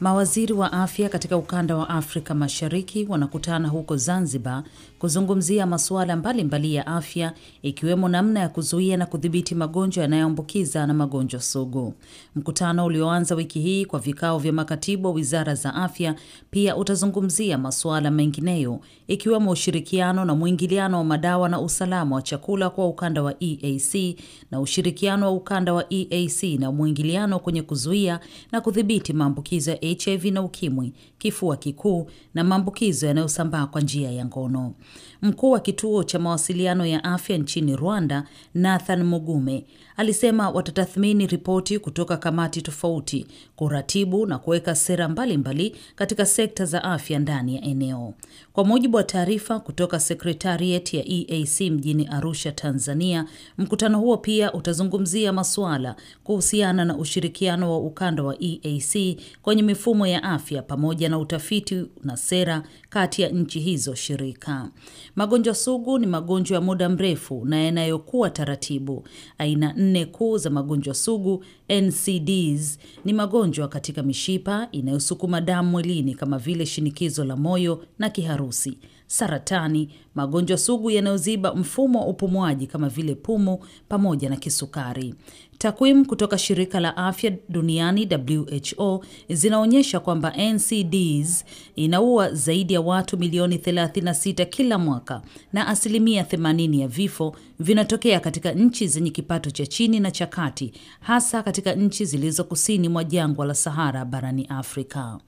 Mawaziri wa afya katika ukanda wa Afrika Mashariki wanakutana huko Zanzibar kuzungumzia masuala mbalimbali ya afya ikiwemo namna ya kuzuia na kudhibiti magonjwa yanayoambukiza na magonjwa sugu. Mkutano ulioanza wiki hii kwa vikao vya makatibu wa wizara za afya pia utazungumzia masuala mengineyo ikiwemo ushirikiano na mwingiliano wa madawa na usalama wa chakula kwa ukanda wa EAC na ushirikiano wa ukanda wa EAC na mwingiliano kwenye kuzuia na kudhibiti maambukizo ya HIV na ukimwi, kifua kikuu na maambukizo yanayosambaa kwa njia ya ngono. Mkuu wa kituo cha mawasiliano ya afya nchini Rwanda, Nathan Mugume, alisema watatathmini ripoti kutoka kamati tofauti kuratibu na kuweka sera mbalimbali mbali katika sekta za afya ndani ya eneo. Kwa mujibu wa taarifa kutoka sekretariat ya EAC mjini Arusha, Tanzania, mkutano huo pia utazungumzia masuala kuhusiana na ushirikiano wa ukanda wa EAC kwenye mifumo ya afya pamoja na utafiti na sera kati ya nchi hizo shirika. Magonjwa sugu ni magonjwa ya muda mrefu na yanayokuwa taratibu. Aina nne kuu za magonjwa sugu NCDs ni magonjwa katika mishipa inayosukuma damu mwilini kama vile shinikizo la moyo na kiharusi saratani, magonjwa sugu yanayoziba mfumo wa upumuaji kama vile pumu, pamoja na kisukari. Takwimu kutoka shirika la afya duniani WHO zinaonyesha kwamba NCDs inaua zaidi ya watu milioni 36 kila mwaka na asilimia 80 ya vifo vinatokea katika nchi zenye kipato cha chini na cha kati, hasa katika nchi zilizo kusini mwa jangwa la Sahara barani Afrika.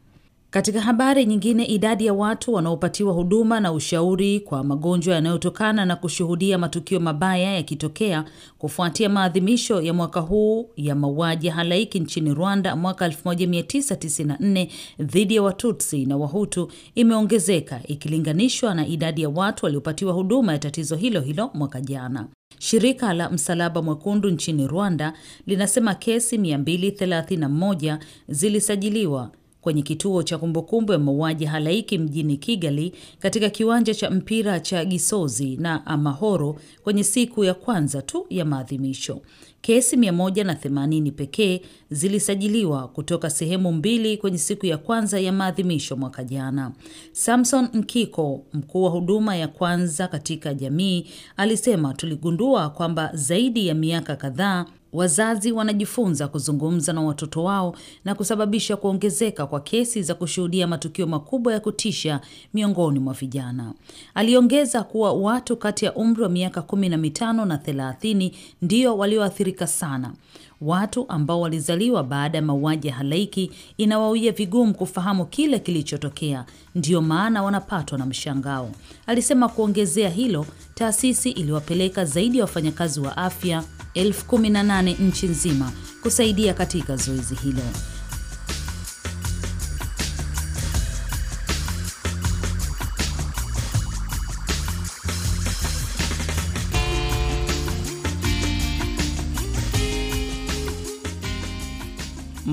Katika habari nyingine, idadi ya watu wanaopatiwa huduma na ushauri kwa magonjwa yanayotokana na kushuhudia matukio mabaya yakitokea kufuatia maadhimisho ya mwaka huu ya mauaji ya halaiki nchini Rwanda mwaka 1994 dhidi ya Watutsi na Wahutu imeongezeka ikilinganishwa na idadi ya watu waliopatiwa huduma ya tatizo hilo hilo mwaka jana. Shirika la Msalaba Mwekundu nchini Rwanda linasema kesi 231 zilisajiliwa kwenye kituo cha kumbukumbu ya mauaji halaiki mjini Kigali katika kiwanja cha mpira cha Gisozi na Amahoro kwenye siku ya kwanza tu ya maadhimisho. Kesi 180 pekee zilisajiliwa kutoka sehemu mbili kwenye siku ya kwanza ya maadhimisho mwaka jana. Samson Nkiko, mkuu wa huduma ya kwanza katika jamii, alisema tuligundua kwamba zaidi ya miaka kadhaa Wazazi wanajifunza kuzungumza na watoto wao na kusababisha kuongezeka kwa kesi za kushuhudia matukio makubwa ya kutisha miongoni mwa vijana. Aliongeza kuwa watu kati ya umri wa miaka kumi na mitano na thelathini ndio walioathirika sana watu ambao walizaliwa baada ya mauaji ya halaiki inawawia vigumu kufahamu kile kilichotokea, ndiyo maana wanapatwa na mshangao, alisema. Kuongezea hilo, taasisi iliwapeleka zaidi ya wafanyakazi wa afya elfu kumi na nane nchi nzima kusaidia katika zoezi hilo.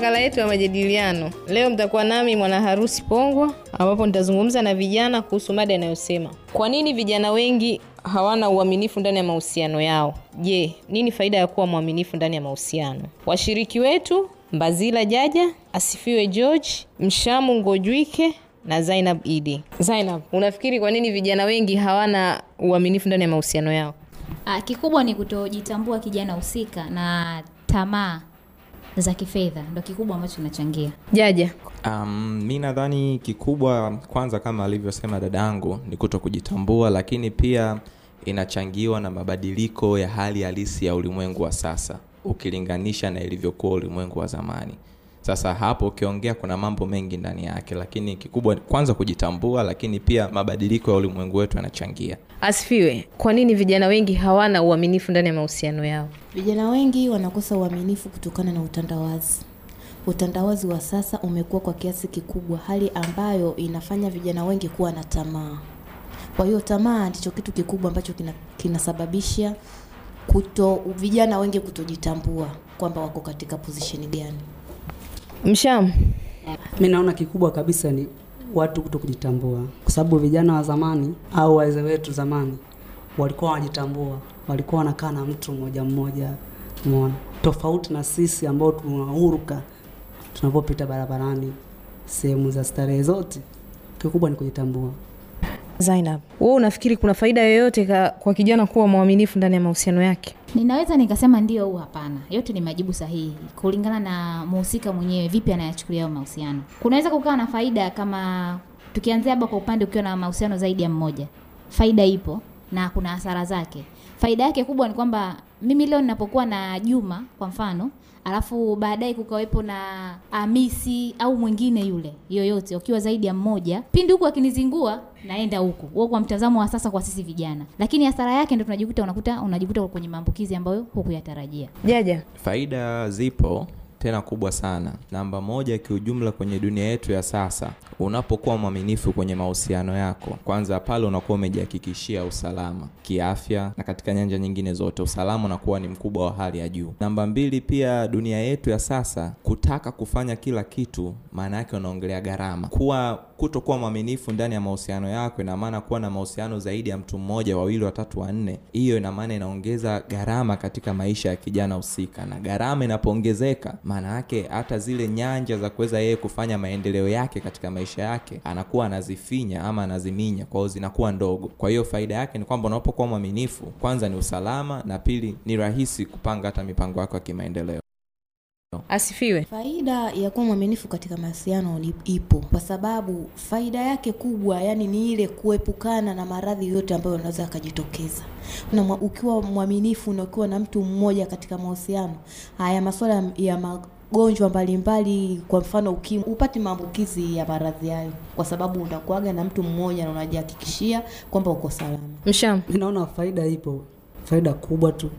makala yetu ya majadiliano leo, mtakuwa nami mwana harusi Pongwa, ambapo nitazungumza na vijana kuhusu mada inayosema kwa nini vijana wengi hawana uaminifu ndani ya mahusiano yao. Je, nini faida ya kuwa mwaminifu ndani ya mahusiano? Washiriki wetu Mbazila Jaja, Asifiwe George, Mshamu Ngojwike na Zainab Idi. Zainab, unafikiri kwa nini vijana wengi hawana uaminifu ndani ya mahusiano yao? Ah, kikubwa ni kutojitambua kijana husika na tamaa za kifedha ndo kikubwa ambacho kinachangia jaja um, mi nadhani kikubwa kwanza kama alivyosema dada yangu ni kuto kujitambua lakini pia inachangiwa na mabadiliko ya hali halisi ya ulimwengu wa sasa ukilinganisha na ilivyokuwa ulimwengu wa zamani sasa hapo ukiongea, kuna mambo mengi ndani yake, lakini kikubwa kwanza kujitambua, lakini pia mabadiliko ya ulimwengu wetu yanachangia. Asifiwe. Kwa nini vijana wengi hawana uaminifu ndani ya mahusiano yao? Vijana wengi wanakosa uaminifu kutokana na utandawazi. Utandawazi wa sasa umekuwa kwa kiasi kikubwa, hali ambayo inafanya vijana wengi kuwa na tamaa. Kwa hiyo tamaa ndicho kitu kikubwa ambacho kinasababisha kina kuto vijana wengi kutojitambua kwamba wako katika pozisheni gani. Msham, mi naona kikubwa kabisa ni watu kuto kujitambua, kwa sababu vijana wa zamani au wazee wetu zamani walikuwa wanajitambua, walikuwa wanakaa na mtu mmoja mmoja, umeona, tofauti na sisi ambao tunahuruka tunapopita barabarani, sehemu za starehe zote. Kikubwa ni kujitambua. Zainab, wewe unafikiri kuna faida yoyote kwa kijana kuwa mwaminifu ndani ya mahusiano yake? Ninaweza nikasema ndio au hapana. Yote ni majibu sahihi kulingana na muhusika mwenyewe, vipi anayachukulia mahusiano. Kunaweza kukaa na faida kama tukianzia hapa kwa upande, ukiwa na mahusiano zaidi ya mmoja, faida ipo na kuna hasara zake. Faida yake kubwa ni kwamba mimi leo ninapokuwa na Juma kwa mfano, alafu baadaye kukawepo na Hamisi ah, au mwingine yule yoyote, ukiwa zaidi ya mmoja, pindi huku akinizingua naenda huku, huo kwa mtazamo wa sasa kwa sisi vijana, lakini hasara yake ndio tunajikuta unakuta unajikuta kwenye maambukizi ambayo hukuyatarajia. Jaja, faida zipo tena kubwa sana. Namba moja, kiujumla kwenye dunia yetu ya sasa unapokuwa mwaminifu kwenye mahusiano yako, kwanza pale unakuwa umejihakikishia usalama kiafya na katika nyanja nyingine zote, usalama unakuwa ni mkubwa wa hali ya juu. Namba mbili, pia dunia yetu ya sasa, kutaka kufanya kila kitu, maana yake unaongelea gharama. Kuwa kutokuwa mwaminifu ndani ya mahusiano yako, ina maana kuwa na mahusiano zaidi ya mtu mmoja, wawili, watatu, wanne, hiyo ina maana inaongeza gharama katika maisha ya kijana husika, na gharama inapoongezeka, maana yake hata zile nyanja za kuweza yeye kufanya maendeleo yake katika maisha maisha yake anakuwa anazifinya ama anaziminya, kwa hiyo zinakuwa ndogo. Kwa hiyo faida yake ni kwamba unapokuwa mwaminifu, kwanza ni usalama, na pili ni rahisi kupanga hata mipango yako ya kimaendeleo. Asifiwe. Faida ya kuwa mwaminifu katika mahusiano ipo, kwa sababu faida yake kubwa, yani ni ile kuepukana na maradhi yote ambayo unaweza yakajitokeza na ukiwa mwaminifu na ukiwa na mtu mmoja katika mahusiano haya, masuala ya ma, gonjwa mbalimbali, kwa mfano ukimwi, upati maambukizi ya maradhi hayo, kwa sababu unakuaga na mtu mmoja na unajihakikishia kwamba uko salama. Msham, naona faida ipo, faida kubwa tu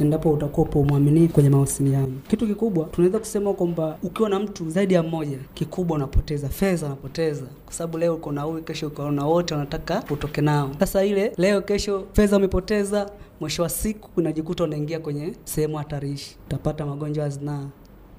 endapo utakuwa upo mwaminifu kwenye mawasiliano. Kitu kikubwa tunaweza kusema kwamba ukiwa na mtu zaidi ya mmoja, kikubwa unapoteza fedha, unapoteza kwa sababu leo uko na huyu, kesho uko na wote, wanataka utoke nao. Sasa ile leo kesho fedha umepoteza, mwisho wa siku unajikuta unaingia kwenye sehemu hatarishi, utapata magonjwa ya zinaa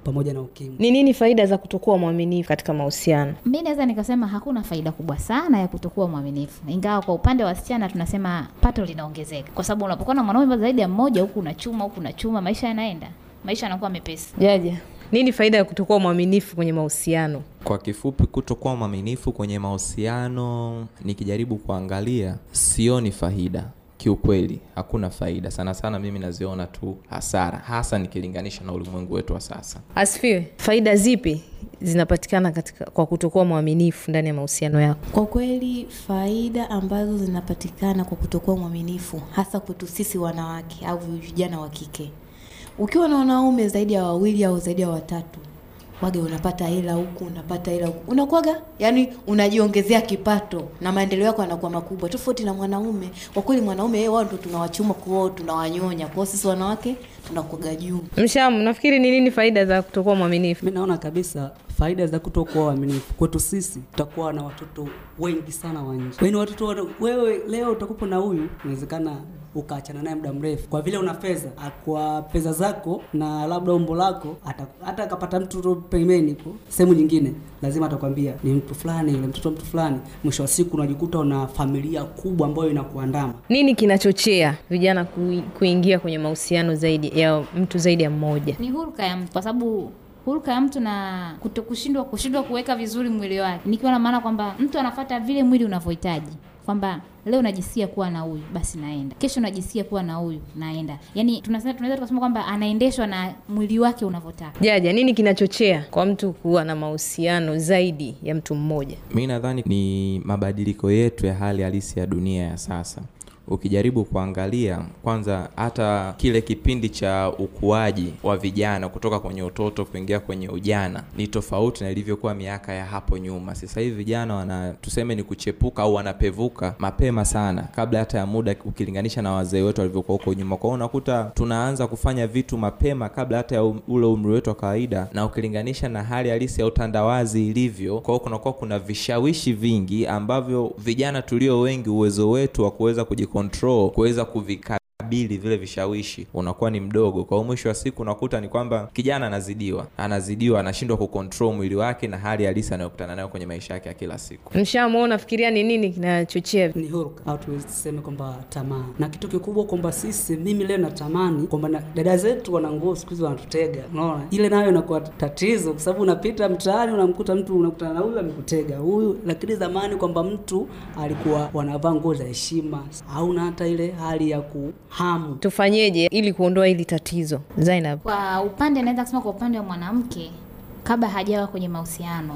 pamoja na ukimwi. Ni nini faida za kutokuwa mwaminifu katika mahusiano? Mi naweza nikasema hakuna faida kubwa sana ya kutokuwa mwaminifu, ingawa kwa upande wa wasichana tunasema pato linaongezeka, kwa sababu unapokuwa na mwanaume zaidi ya mmoja, huku unachuma huku unachuma, maisha yanaenda, maisha yanakuwa mepesi. Jaja, nini faida ya kutokuwa mwaminifu kwenye mahusiano? Kwa kifupi, kutokuwa mwaminifu kwenye mahusiano, nikijaribu kuangalia, sioni faida kiukweli hakuna faida sana sana, mimi naziona tu hasara, hasa nikilinganisha na ulimwengu wetu wa sasa. Asifiwe. Faida zipi zinapatikana katika kwa kutokuwa mwaminifu ndani ya mahusiano yako? Kwa kweli faida ambazo zinapatikana kwa kutokuwa mwaminifu, hasa kwetu sisi wanawake au vijana wa kike, ukiwa na wanaume zaidi ya wawili au zaidi ya watatu unakuwaga unapata hela huku, unapata hela huku, unakuwaga yani unajiongezea kipato na maendeleo yako yanakuwa makubwa, tofauti na mwanaume. Kwa kweli mwanaume yeye, wao ndo tunawachuma kwao, tunawanyonya kwao. Sisi wanawake tunakwaga juu. Mshamu, nafikiri ni nini faida za kutokuwa mwaminifu? mi naona kabisa faida za kutokuwa waaminifu kwetu sisi, tutakuwa na watoto wengi sana wa nje. hiyo watoto wewe leo utakupo na huyu, inawezekana ukaachana naye muda mrefu kwa vile una fedha, kwa fedha zako na labda umbo lako, hata akapata mtu pembeni po sehemu nyingine, lazima atakwambia ni mtu fulani, yule mtoto mtu fulani. Mwisho wa siku unajikuta una familia kubwa ambayo inakuandama. Nini kinachochea vijana kuingia kwenye mahusiano zaidi ya mtu zaidi ya mmoja? Ni huruka ya mtu, kwa sababu huruka ya mtu na kutokushindwa kushindwa kuweka vizuri mwili wake, nikiwa na maana kwamba mtu anafata vile mwili unavyohitaji kwamba leo najisikia kuwa na huyu basi naenda, kesho najisikia kuwa na huyu naenda. Yani tunasema tunaweza tukasema kwamba anaendeshwa na mwili wake unavyotaka. Jaja, nini kinachochea kwa mtu kuwa na mahusiano zaidi ya mtu mmoja? Mi nadhani ni mabadiliko yetu ya hali halisi ya dunia ya sasa ukijaribu kuangalia kwanza, hata kile kipindi cha ukuaji wa vijana kutoka kwenye utoto kuingia kwenye ujana ni tofauti na ilivyokuwa miaka ya hapo nyuma. Sasa hivi vijana wana tuseme ni kuchepuka au wanapevuka mapema sana kabla hata ya muda, ukilinganisha na wazee wetu walivyokuwa huko nyuma. Kwa unakuta tunaanza kufanya vitu mapema kabla hata ya ule umri wetu wa kawaida, na ukilinganisha na hali halisi ya utandawazi ilivyo. Kwa hiyo kunakuwa kuna vishawishi vingi ambavyo vijana tulio wengi uwezo wetu wa kuweza kuji control kuweza kuvika kukabili vile vishawishi unakuwa ni mdogo. Kwa hiyo mwisho wa siku unakuta ni kwamba kijana anazidiwa, anazidiwa, anashindwa kucontrol mwili wake na hali halisi anayokutana nayo kwenye maisha yake ya kila siku. mshamo unafikiria ni nini kinachochea? Ni huruka au tuseme kwamba tamaa, na kitu kikubwa kwamba sisi, mimi leo natamani kwamba na dada zetu wana nguo siku hizi wanatutega, unaona, ile nayo inakuwa tatizo, kwa sababu unapita mtaani unamkuta mtu unakutana na huyu amekutega huyu, lakini zamani kwamba mtu alikuwa wanavaa nguo za heshima, hauna hata ile hali ya ku hamu. Tufanyeje ili kuondoa hili tatizo Zainab? Kwa upande naweza kusema kwa upande wa mwanamke, kabla hajawa kwenye mahusiano,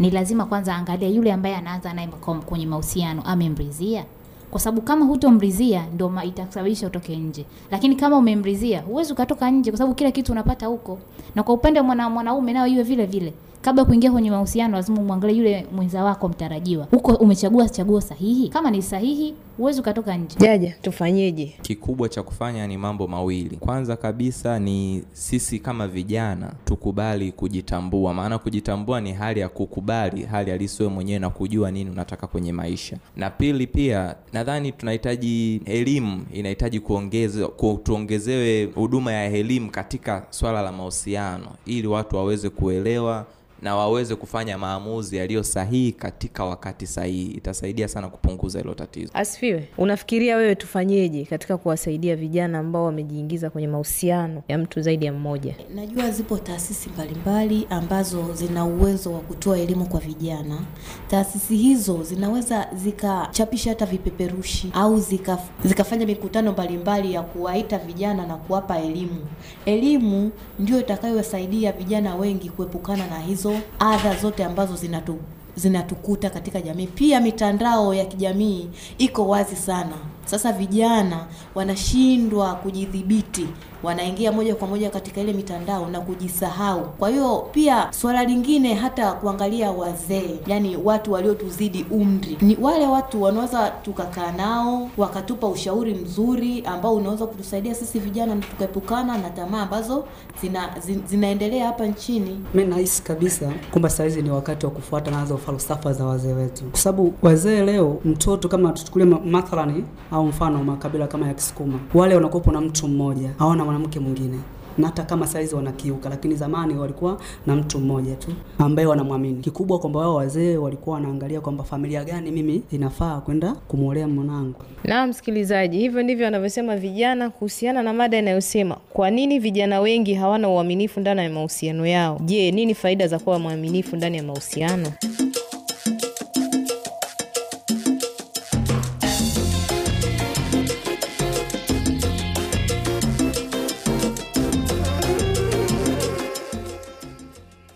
ni lazima kwanza angalia yule ambaye anaanza naye kwenye mahusiano amemrizia kwa sababu kama hutomrizia ndo itasababisha utoke nje, lakini kama umemrizia huwezi ukatoka nje, kwa sababu kila kitu unapata huko. Na kwa upande wa mwanaume nao iwe vile vile, kabla kuingia kwenye mahusiano lazima umwangalie yule mwenza wako mtarajiwa, huko umechagua chaguo sahihi. Kama ni sahihi, huwezi ukatoka nje. Jaja, tufanyeje? Kikubwa cha kufanya ni mambo mawili. Kwanza kabisa ni sisi kama vijana tukubali kujitambua, maana kujitambua ni hali ya kukubali hali alisiwe mwenyewe na kujua nini unataka kwenye maisha. Na pili, pia nadhani tunahitaji elimu, inahitaji kuongezwa, tuongezewe huduma ya elimu katika swala la mahusiano, ili watu waweze kuelewa na waweze kufanya maamuzi yaliyo sahihi katika wakati sahihi. Itasaidia sana kupunguza hilo tatizo. Asifiwe. Unafikiria wewe tufanyeje katika kuwasaidia vijana ambao wamejiingiza kwenye mahusiano ya mtu zaidi ya mmoja? Najua zipo taasisi mbalimbali ambazo zina uwezo wa kutoa elimu kwa vijana. Taasisi hizo zinaweza zikachapisha hata vipeperushi au zika, zikafanya mikutano mbalimbali ya kuwaita vijana na kuwapa elimu. Elimu ndio itakayowasaidia vijana wengi kuepukana na hizo hizo adha zote ambazo zinatu, zinatukuta katika jamii. Pia mitandao ya kijamii iko wazi sana sasa, vijana wanashindwa kujidhibiti wanaingia moja kwa moja katika ile mitandao na kujisahau. Kwa hiyo pia swala lingine hata kuangalia wazee, yani watu waliotuzidi umri, ni wale watu wanaweza tukakaa nao wakatupa ushauri mzuri ambao unaweza kutusaidia sisi vijana tukaepukana na tamaa ambazo zina, zina, zinaendelea hapa nchini. Mimi nahisi kabisa kwamba sahizi ni wakati wa kufuata nazo falsafa za wazee wetu, kwa sababu wazee leo, mtoto kama tuchukulie mathalani au mfano makabila kama ya Kisukuma, wale wanakuwepo na mtu mmoja hawana mwanamke mwingine, na hata kama saizi wanakiuka, lakini zamani walikuwa na mtu mmoja tu ambaye wanamwamini. Kikubwa kwamba wao wazee walikuwa wanaangalia kwamba familia gani mimi inafaa kwenda kumwolea mwanangu. Na msikilizaji, hivyo ndivyo wanavyosema vijana kuhusiana na mada inayosema kwa nini vijana wengi hawana uaminifu ndani ya mahusiano yao. Je, nini faida za kuwa mwaminifu ndani ya mahusiano?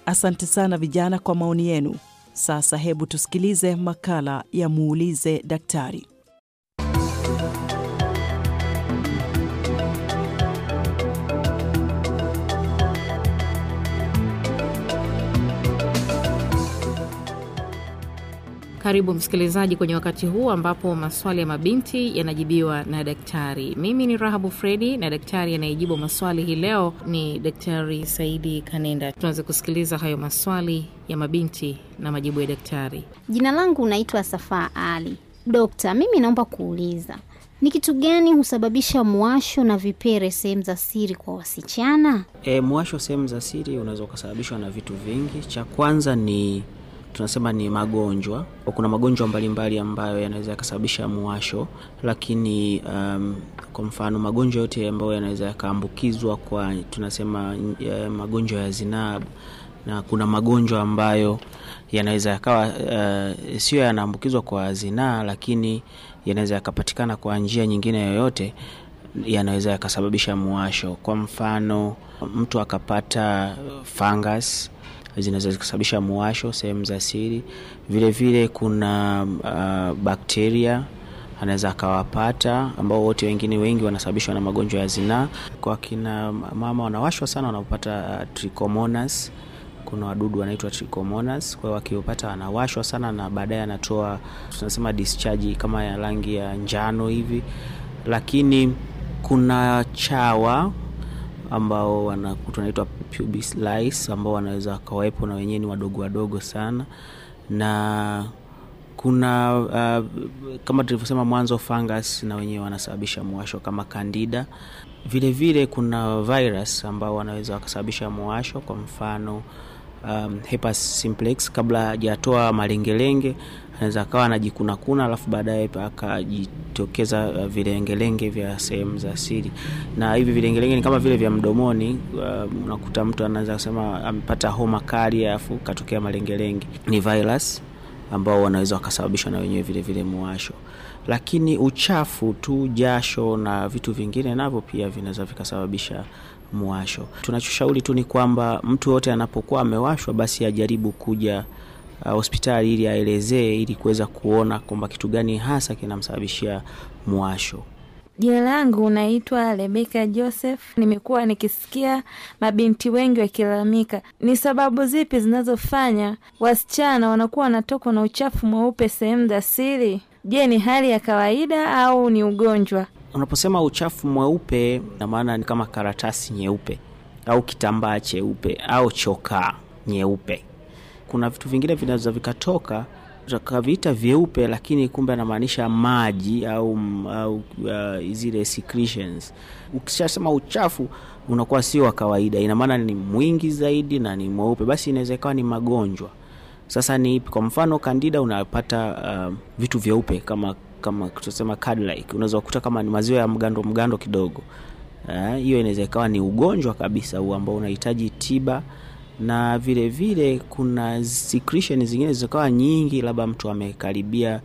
Asante sana vijana kwa maoni yenu. Sasa hebu tusikilize makala ya muulize daktari. Karibu msikilizaji kwenye wakati huu ambapo maswali ya mabinti yanajibiwa na daktari. Mimi ni Rahabu Fredi na daktari anayejibu maswali hii leo ni Daktari Saidi Kanenda. Tunaweza kusikiliza hayo maswali ya mabinti na majibu ya daktari. Jina langu naitwa Safaa Ali. Dokta, mimi naomba kuuliza ni kitu gani husababisha mwasho na vipere sehemu za siri kwa wasichana? E, eh, mwasho sehemu za siri unaweza ukasababishwa na vitu vingi. Cha kwanza ni tunasema ni magonjwa. Kuna magonjwa mbalimbali ambayo yanaweza yakasababisha muwasho, lakini um, kwa mfano magonjwa yote ambayo yanaweza yakaambukizwa kwa tunasema ya magonjwa ya zinaa na kuna magonjwa ambayo yanaweza yakawa uh, sio yanaambukizwa kwa zinaa, lakini yanaweza yakapatikana kwa njia nyingine yoyote, yanaweza yakasababisha muwasho. Kwa mfano mtu akapata uh, fungus zinaweza kusababisha muwasho sehemu za siri. Vile vile kuna uh, bakteria anaweza akawapata ambao wote wengine wengi wanasababishwa na magonjwa ya zinaa. Kwa kina mama wanawashwa sana wanapopata uh, trichomonas. Kuna wadudu wanaitwa trichomonas, kwao wakiopata wanawashwa sana, na baadaye anatoa tunasema discharge kama ya rangi ya njano hivi, lakini kuna chawa ambao wana, tunaitwa pubic lice ambao wanaweza wakawepo na wenyewe ni wadogo wadogo sana na kuna uh, kama tulivyosema mwanzo fungus na wenyewe wanasababisha mwasho kama kandida vile vile kuna virus ambao wanaweza wakasababisha mwasho kwa mfano um, herpes simplex kabla hajatoa malengelenge anaweza akawa anajikunakuna alafu baadaye akajitokeza uh, vilengelenge vya sehemu za siri na hivi vilengelenge ni kama vile vya mdomoni uh, unakuta mtu anaweza kusema amepata homa kali alafu katokea malengelenge ni virus ambao wanaweza wakasababishwa na wenyewe vile vile muwasho lakini uchafu tu jasho na vitu vingine navyo pia vinaweza vikasababisha muwasho tunachoshauri tu ni kwamba mtu yoyote anapokuwa amewashwa basi ajaribu kuja Uh, hospitali ili aelezee ili kuweza kuona kwamba kitu gani hasa kinamsababishia mwasho Jina langu naitwa Rebeka Joseph. Nimekuwa nikisikia mabinti wengi wakilalamika, ni sababu zipi zinazofanya wasichana wanakuwa wanatokwa na uchafu mweupe sehemu za siri? Je, ni hali ya kawaida au ni ugonjwa? Unaposema uchafu mweupe, na maana ni kama karatasi nyeupe au kitambaa cheupe au chokaa nyeupe kuna vitu vingine vinaweza vikatoka tukaviita vyeupe, lakini kumbe anamaanisha maji au, au uh, zile secretions. Ukishasema uchafu unakuwa sio wa kawaida, ina maana ni mwingi zaidi na ni mweupe, basi inaweza ikawa ni magonjwa. Sasa ni ipi? Kwa mfano kandida, unapata uh, vitu vyeupe kama kama tusema like unaweza kukuta kama ni maziwa ya mgando mgando kidogo. Eh, hiyo uh, inaweza ikawa ni ugonjwa kabisa huu ambao unahitaji tiba na vile vile kuna secretion zingine zikawa nyingi, labda mtu amekaribia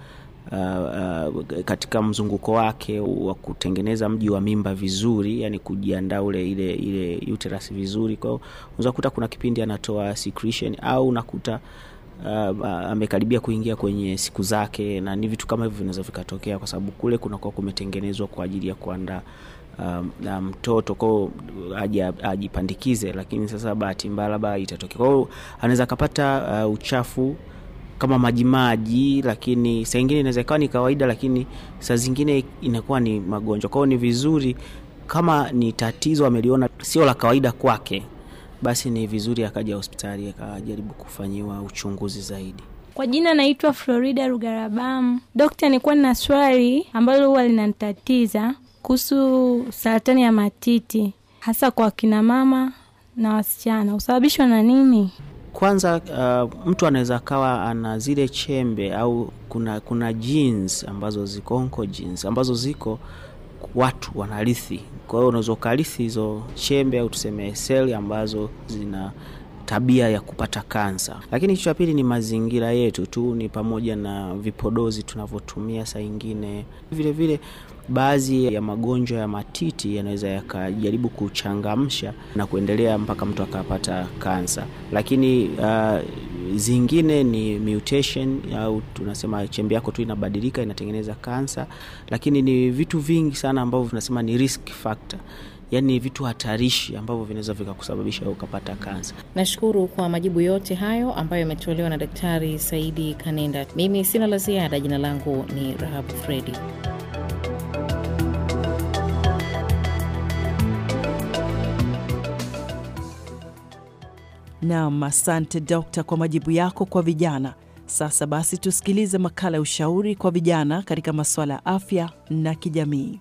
uh, uh, katika mzunguko wake wa kutengeneza mji wa mimba vizuri, yani kujiandaa ule ile ile uterus vizuri. Kwa hiyo unaweza kukuta kuna kipindi anatoa secretion au unakuta Uh, amekaribia kuingia kwenye siku zake, na ni vitu kama hivyo vinaweza vikatokea, kwa sababu kule kunakuwa kumetengenezwa kwa ajili ya kuandaa um, mtoto kwao aje ajipandikize, lakini sasa bahati mbaya labda itatokea. Kwa hiyo anaweza akapata uh, uchafu kama majimaji, lakini saa ingine inaweza ikawa ni kawaida, lakini saa zingine inakuwa ni magonjwa. Kwa hiyo ni vizuri kama ni tatizo ameliona sio la kawaida kwake, basi ni vizuri akaja hospitali akajaribu kufanyiwa uchunguzi zaidi. Kwa jina naitwa Florida rugarabam Dokta, nikuwa nina swali ambalo huwa linanitatiza kuhusu saratani ya matiti hasa kwa kina mama na wasichana husababishwa na nini? Kwanza uh, mtu anaweza akawa ana zile chembe au kuna kuna jeans ambazo ziko onko jeans ambazo ziko watu wanarithi. Kwa hiyo unaweza ukarithi hizo chembe au tuseme seli ambazo zina tabia ya kupata kansa. Lakini kitu cha pili ni mazingira yetu tu, ni pamoja na vipodozi tunavyotumia saa ingine, vilevile baadhi ya magonjwa ya matiti yanaweza yakajaribu kuchangamsha na kuendelea mpaka mtu akapata kansa. Lakini uh, zingine ni mutation au tunasema chembe yako tu inabadilika inatengeneza kansa, lakini ni vitu vingi sana ambavyo tunasema ni risk factor yani vitu hatarishi ambavyo vinaweza vikakusababisha ukapata kansa. Nashukuru kwa majibu yote hayo ambayo yametolewa na Daktari Saidi Kanenda. Mimi sina la ziada. Jina langu ni Rahabu Fredi. Nam, asante dokta, kwa majibu yako kwa vijana. Sasa basi tusikilize makala ya ushauri kwa vijana katika masuala ya afya na kijamii.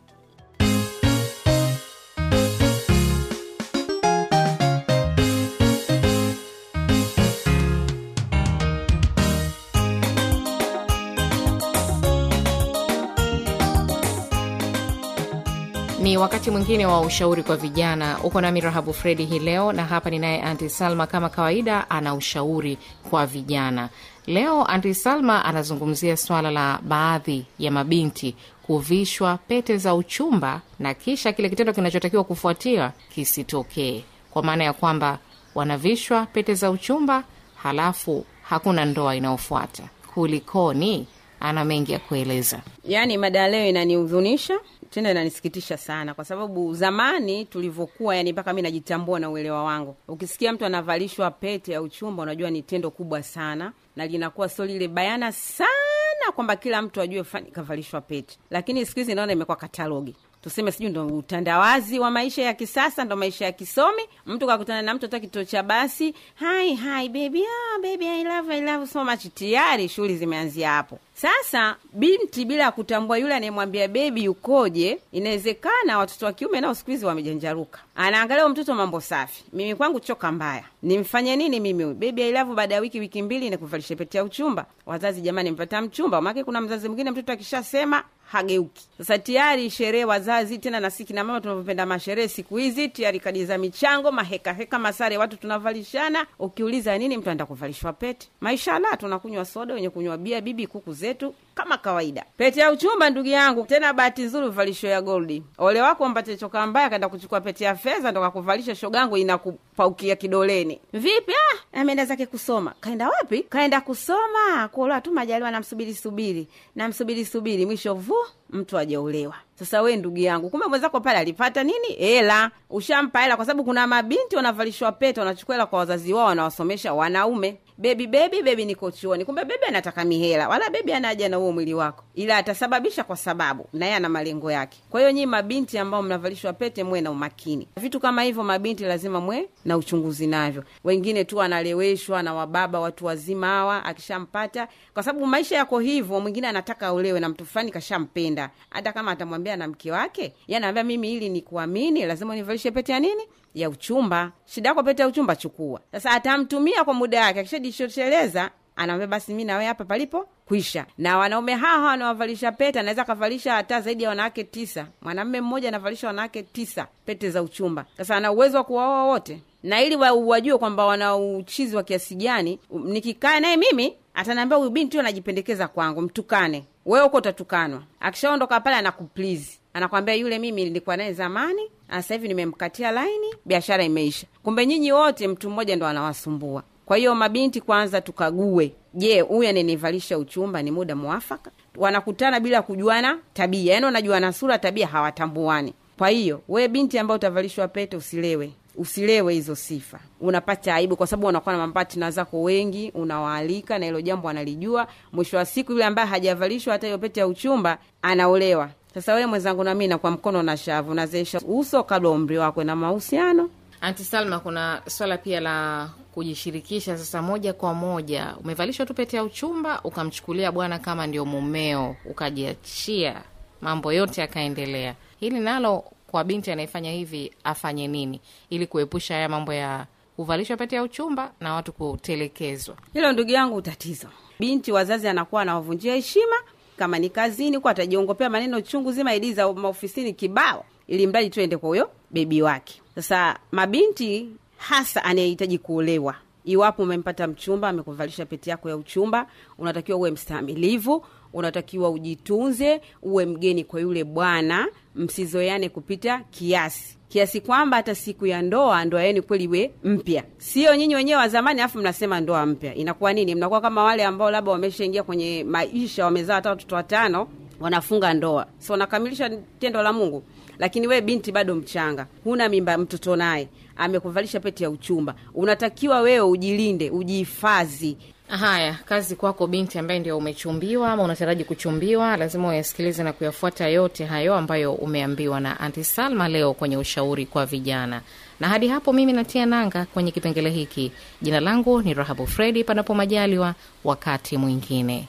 Ni wakati mwingine wa ushauri kwa vijana. Uko nami Rahabu Fredi hii leo, na hapa ninaye Anti Salma kama kawaida, ana ushauri kwa vijana. Leo Anti Salma anazungumzia swala la baadhi ya mabinti kuvishwa pete za uchumba na kisha kile kitendo kinachotakiwa kufuatia kisitokee, kwa maana ya kwamba wanavishwa pete za uchumba halafu hakuna ndoa inayofuata. Kulikoni? Ana mengi ya kueleza. Yaani mada leo inanihuzunisha tena inanisikitisha sana, kwa sababu zamani tulivyokuwa, yani mpaka mi najitambua na uelewa wangu, ukisikia mtu anavalishwa pete ya uchumba, unajua ni tendo kubwa sana na linakuwa sio lile bayana sana kwamba kila mtu ajue kavalishwa pete, lakini siku hizi naona imekuwa katalogi tuseme sijui ndo utandawazi wa maisha ya kisasa, ndo maisha ya kisomi. Mtu kakutana na mtu toka kituo cha basi, hi hi baby, oh, baby I love, I love so much, tayari shughuli zimeanzia hapo. Sasa binti bila ya kutambua yule anayemwambia bebi ukoje, inawezekana watoto wa kiume nao siku hizi wamejanjaruka, anaangalia mtoto mambo safi, mimi kwangu choka mbaya, nimfanye nini mimi huyu bebi ailavu? Baada ya wiki wiki mbili nikuvalishe pete ya uchumba. Wazazi jamani, mpata mchumba make. Kuna mzazi mwingine mtoto akishasema hageuki. Sasa tayari sherehe wazazi tena na sisi mama tunavyopenda masherehe siku hizi, tayari kadi za michango, mahekaheka, masare watu tunavalishana. Ukiuliza nini, mtu anaenda kuvalishwa pete. Maisha la tunakunywa soda, wenye kunywa bia, bibi kuku zetu kama kawaida. Pete ya uchumba, ndugu yangu, tena bahati nzuri uvalisho ya goldi. Ole wako Ambate Choka mbaya akaenda kuchukua pete ya fedha ndo kakuvalisha, shogangu, inakupaukia kidoleni. Vipi? Ah, ameenda zake kusoma. Kaenda wapi? Kaenda kusoma. Kuolewa tu majaliwa, namsubiri subiri, namsubiri subiri, mwisho vu mtu ajaolewa. Sasa we ndugu yangu, kumbe mwenzako pale alipata nini? Hela. Ushampa hela, kwa sababu kuna mabinti wanavalishwa pete, wanachukua hela kwa wazazi wao, wanawasomesha wanaume bebi bebi bebi, niko chuoni, kumbe bebi anataka mihela, wala bebi anaja na huo mwili wako, ila atasababisha kwa sababu naye ana malengo yake. Kwa hiyo nyinyi mabinti ambao mnavalishwa pete, mwe na umakini. Vitu kama hivyo mabinti lazima mwe na uchunguzi navyo. Wengine tu analeweshwa na wababa watu wazima hawa, akishampata kwa sababu maisha yako hivyo. Mwingine anataka aolewe na mtu fulani, kashampenda, hata kama atamwambia na mke wake, yanaambia yaani mimi, ili nikuamini lazima univalishe pete ya nini ya uchumba. Shida yako pete ya uchumba, chukua. Sasa atamtumia kwa muda wake, akishajishosheleza anaambia basi mi nawe hapa palipo kwisha. Na wanaume hawa wanawavalisha pete, anaweza akavalisha hata zaidi ya wanawake tisa. Mwanamume mmoja anavalisha wanawake tisa pete za uchumba. Sasa ana uwezo wa kuwaoa wote, na ili wajue kwamba wana uchizi wa kiasi gani. Nikikaa naye mimi, ataniambia huyu binti huyo anajipendekeza kwangu, mtukane wewe, huko utatukanwa. Akishaondoka pale, anakuplizi anakwambia, yule mimi nilikuwa naye zamani sasa hivi nimemkatia laini, biashara imeisha. Kumbe nyinyi wote mtu mmoja ndo anawasumbua. Kwa hiyo mabinti, kwanza tukague, je, huyu ananivalisha uchumba ni muda mwafaka? Wanakutana bila kujuana tabia, yaani wanajuana sura, tabia hawatambuani. Kwa hiyo we binti ambayo utavalishwa pete, usilewe usilewe hizo sifa, unapata aibu kwa sababu unakuwa na mapatina zako wengi, unawaalika na hilo jambo analijua. Mwisho wa siku, yule ambaye hajavalishwa hata hiyo pete ya uchumba anaolewa, sasa wewe mwenzangu, na mimi na mkono na shavu nazeesha uso kabla umri wakwe na mahusiano. Anti Salma, kuna swala pia la kujishirikisha sasa moja kwa moja. Umevalishwa tu pete ya uchumba ukamchukulia bwana kama ndio mumeo, ukajiachia mambo yote yakaendelea. Hili nalo kwa binti anayefanya hivi afanye nini ili kuepusha haya mambo ya kuvalishwa pete ya uchumba na watu kutelekezwa? Hilo ndugu yangu tatizo, binti wazazi anakuwa anawavunjia heshima kama ni kazini kwa atajiongopea maneno chungu zima idii za maofisini kibao, ili mradi tuende kwa huyo bebi wake. Sasa mabinti hasa anayehitaji kuolewa Iwapo umempata mchumba amekuvalisha pete yako ya uchumba, unatakiwa uwe mstahamilivu, unatakiwa ujitunze, uwe mgeni kwa yule bwana, msizoeane kupita kiasi kiasi kwamba hata siku ya ndoa ndoa yenu kweli iwe mpya, sio nyinyi wenyewe wa zamani alafu mnasema ndoa mpya. Inakuwa nini? Mnakuwa kama wale ambao labda wameshaingia kwenye maisha, wamezaa hata watoto watano, wanafunga ndoa, so nakamilisha tendo la Mungu lakini we binti bado mchanga, huna mimba, mtoto naye amekuvalisha pete ya uchumba, unatakiwa wewe ujilinde, ujihifadhi. Haya, kazi kwako binti ambaye ndio umechumbiwa ama unataraji kuchumbiwa, lazima uyasikilize na kuyafuata yote hayo ambayo umeambiwa na Anti Salma leo kwenye ushauri kwa vijana. Na hadi hapo mimi natia nanga kwenye kipengele hiki. Jina langu ni Rahabu Fredi, panapo majaliwa wakati mwingine.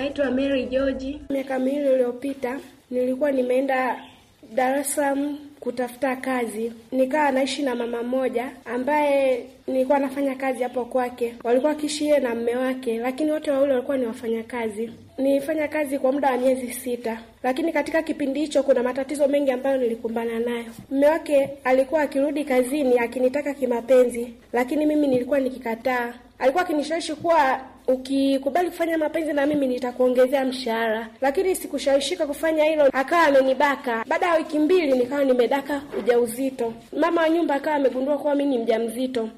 naitwa Mary George. Miaka miwili iliyopita nilikuwa nimeenda Dar es Salaam kutafuta kazi, nikawa naishi na mama mmoja ambaye nilikuwa nafanya kazi hapo kwake. Walikuwa wakiishi yeye na mme wake, lakini wote wawili walikuwa ni wafanyakazi. Nilifanya kazi kwa muda wa miezi sita, lakini katika kipindi hicho kuna matatizo mengi ambayo nilikumbana nayo. Mme wake alikuwa akirudi kazini akinitaka kimapenzi, lakini mimi nilikuwa nikikataa. Alikuwa akinishawishi kuwa ukikubali kufanya mapenzi na mimi nitakuongezea mshahara, lakini sikushawishika kufanya hilo, akawa amenibaka. Baada ya wiki mbili nikawa nimedaka ujauzito. Mama wa nyumba akawa amegundua kuwa mi ni mjamzito,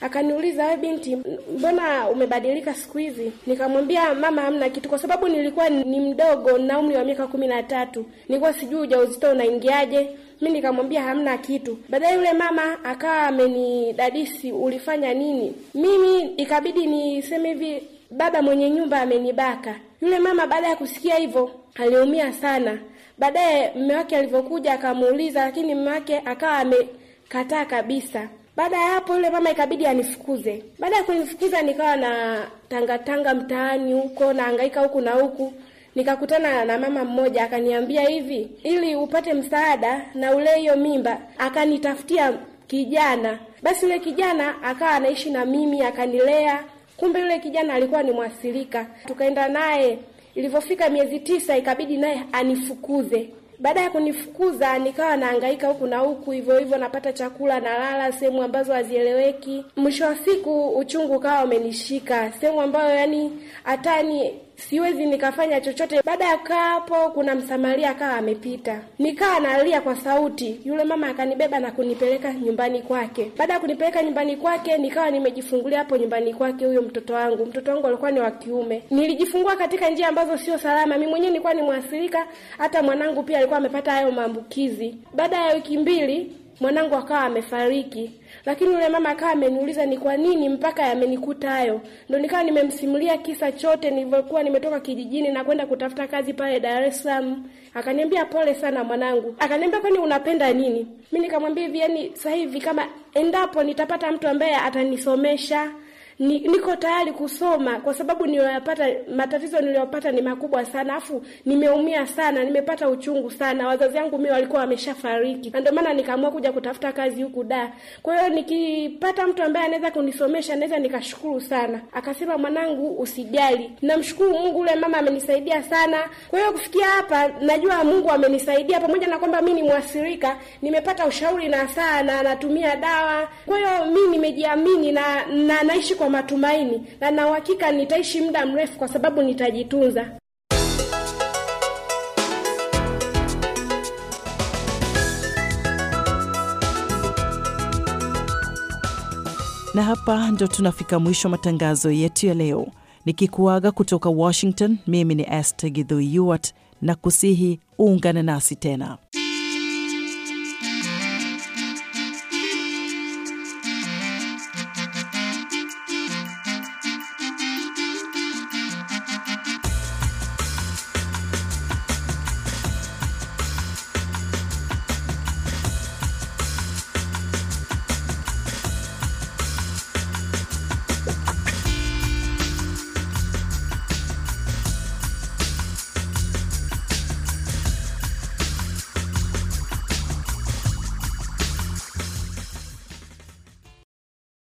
akaniuliza we binti, mbona umebadilika siku hizi? Nikamwambia mama, hamna kitu, kwa sababu nilikuwa ni mdogo na umri wa miaka kumi na tatu, nilikuwa sijui ujauzito unaingiaje mi nikamwambia hamna kitu. Baadaye yule mama akawa amenidadisi ulifanya nini? Mimi ikabidi niseme hivi, baba mwenye nyumba amenibaka. Yule mama baada ya kusikia hivyo aliumia sana. Baadaye mme wake alivyokuja akamuuliza, lakini mme wake akawa amekataa kabisa. Baada ya hapo yule mama ikabidi anifukuze. Baada ya kunifukuza, nikawa na tangatanga mtaani huko, naangaika huku na huku nikakutana na mama mmoja akaniambia hivi, ili upate msaada na ule hiyo mimba, akanitafutia kijana. Basi yule kijana akawa anaishi na mimi, akanilea. Kumbe yule kijana alikuwa ni mwasilika, tukaenda naye. Ilivyofika miezi tisa, ikabidi naye anifukuze. Baada ya kunifukuza nikawa naangaika huku na huku, hivyo hivyo, napata chakula, na lala sehemu ambazo hazieleweki. Mwisho wa siku uchungu ukawa umenishika sehemu ambayo yani hatani siwezi nikafanya chochote. Baada ya kaa hapo, kuna msamaria akawa amepita, nikaa nalia kwa sauti. Yule mama akanibeba na kunipeleka nyumbani kwake. Baada ya kunipeleka nyumbani kwake, nikawa nimejifungulia hapo nyumbani kwake huyo mtoto wangu. Mtoto wangu alikuwa ni wa kiume. Nilijifungua katika njia ambazo sio salama. mi mwenyewe nilikuwa ni hata mwanangu pia alikuwa amepata hayo maambukizi. Baada ya wiki mbili mwanangu akawa amefariki. Lakini yule mama akawa ameniuliza ni kwa nini mpaka yamenikuta hayo. Ndio nikawa nimemsimulia kisa chote nilivyokuwa nimetoka kijijini na kwenda kutafuta kazi pale Dar es Salaam. Akaniambia pole sana mwanangu. Akaniambia kwani unapenda nini? Mimi nikamwambia hivi, yani sasa hivi kama endapo nitapata mtu ambaye atanisomesha ni, niko tayari kusoma kwa sababu niliyopata matatizo niliyopata ni makubwa sana, afu nimeumia sana, nimepata uchungu sana. Wazazi wangu mimi walikuwa wameshafariki, na ndio maana nikaamua kuja kutafuta kazi huku da. Kwa hiyo nikipata mtu ambaye anaweza kunisomesha naweza nikashukuru sana. Akasema, mwanangu, usijali. Namshukuru Mungu, yule mama amenisaidia sana. Kwa hiyo kufikia hapa najua Mungu amenisaidia, pamoja na kwamba mimi ni mwathirika, nimepata ushauri na sana, natumia dawa. Kwa hiyo mimi nimejiamini na, na naishi kwa matumaini na na uhakika nitaishi muda mrefu kwa sababu nitajitunza. Na hapa ndo tunafika mwisho matangazo yetu ya leo, nikikuaga kutoka Washington. Mimi ni Esther Githui Yuart na kusihi uungane nasi tena.